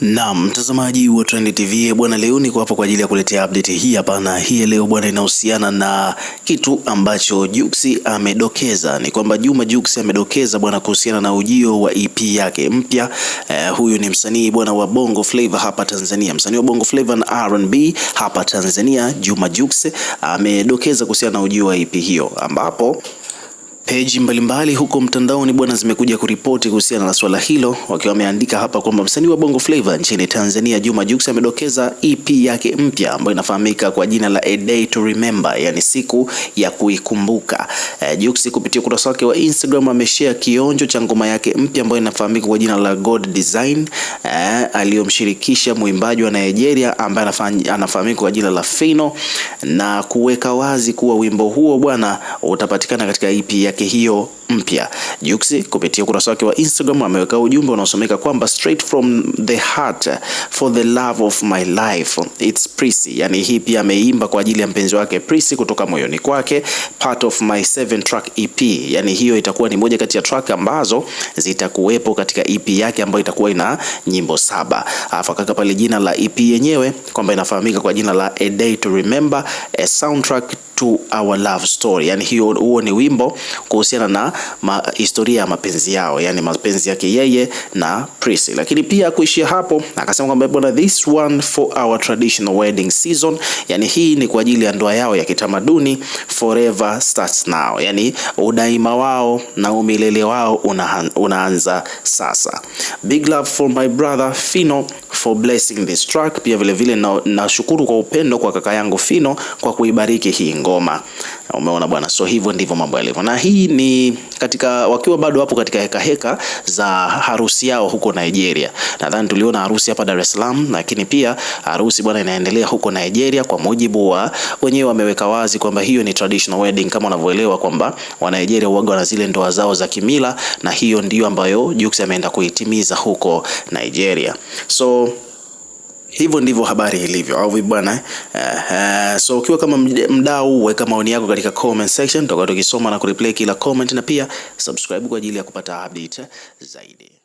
Na mtazamaji wa Trend TV bwana, leo niko hapa kwa ajili ya kuletea update hii hapa, na hii leo bwana, inahusiana na kitu ambacho Jux amedokeza. Ni kwamba Juma Jux amedokeza bwana, kuhusiana na ujio wa EP yake mpya. Eh, huyu ni msanii bwana wa Bongo Flavor hapa Tanzania, msanii wa Bongo Flavor na R&B hapa Tanzania. Juma Jux amedokeza kuhusiana na ujio wa EP hiyo ambapo Peji mbalimbali huko mtandaoni bwana, zimekuja kuripoti kuhusiana na swala hilo, wakiwa wameandika hapa kwamba msanii wa Bongo Flava nchini Tanzania Juma Jux amedokeza EP yake mpya ambayo inafahamika kwa jina la A Day to Remember, yani siku ya kuikumbuka. E, Jux kupitia ukurasa wake wa Instagram ameshare kionjo cha ngoma yake mpya ambayo inafahamika kwa jina la God Design, e, aliyomshirikisha mwimbaji wa Nigeria ambaye anafahamika kwa jina la Fino na kuweka wazi kuwa wimbo huo bwana utapatikana katika EP yake yake hiyo mpya. Jux kupitia ukurasa wake wa Instagram ameweka ujumbe unaosomeka kwamba straight from the heart for the love of my life it's Prissy. Yani hii pia ameimba kwa ajili ya mpenzi wake Prissy kutoka moyoni kwake, part of my seven track EP. Yani hiyo itakuwa ni moja kati ya track ambazo zitakuwepo katika EP yake ambayo itakuwa ina nyimbo saba. Afa kaka pale jina la EP yenyewe kwamba inafahamika kwa jina la A Day to Remember, a soundtrack to our love story. Yani hiyo huo ni wimbo kuhusiana na ma, historia ya mapenzi yao, yani mapenzi yake yeye na Prissy. Lakini pia kuishia hapo akasema kwamba bwana, this one for our traditional wedding season, yani hii ni kwa ajili ya ndoa yao ya kitamaduni forever starts now, yani udaima wao na umilele wao una, unaanza sasa. Big love for my brother Fino for blessing this track. Pia vile nashukuru na kwa upendo kwa kaka yangu Fino kwa kuibariki hii ngo ngoma. Umeona bwana, so hivyo ndivyo mambo yalivyo, na hii ni katika wakiwa bado wapo katika heka heka za harusi yao huko Nigeria. Nadhani tuliona harusi hapa Dar es Salaam, lakini pia harusi bwana inaendelea huko Nigeria. Kwa mujibu wa wenyewe, wameweka wazi kwamba hiyo ni traditional wedding, kama unavyoelewa kwamba wa Nigeria huaga na zile ndoa zao za kimila, na hiyo ndiyo ambayo Jux ameenda kuitimiza huko Nigeria so Hivyo ndivyo habari ilivyo, au vipi bwana eh? Uh, uh, so ukiwa kama mdau, weka maoni yako katika comment section, tutakuwa tukisoma na kureplay kila comment, na pia subscribe kwa ajili ya kupata update zaidi.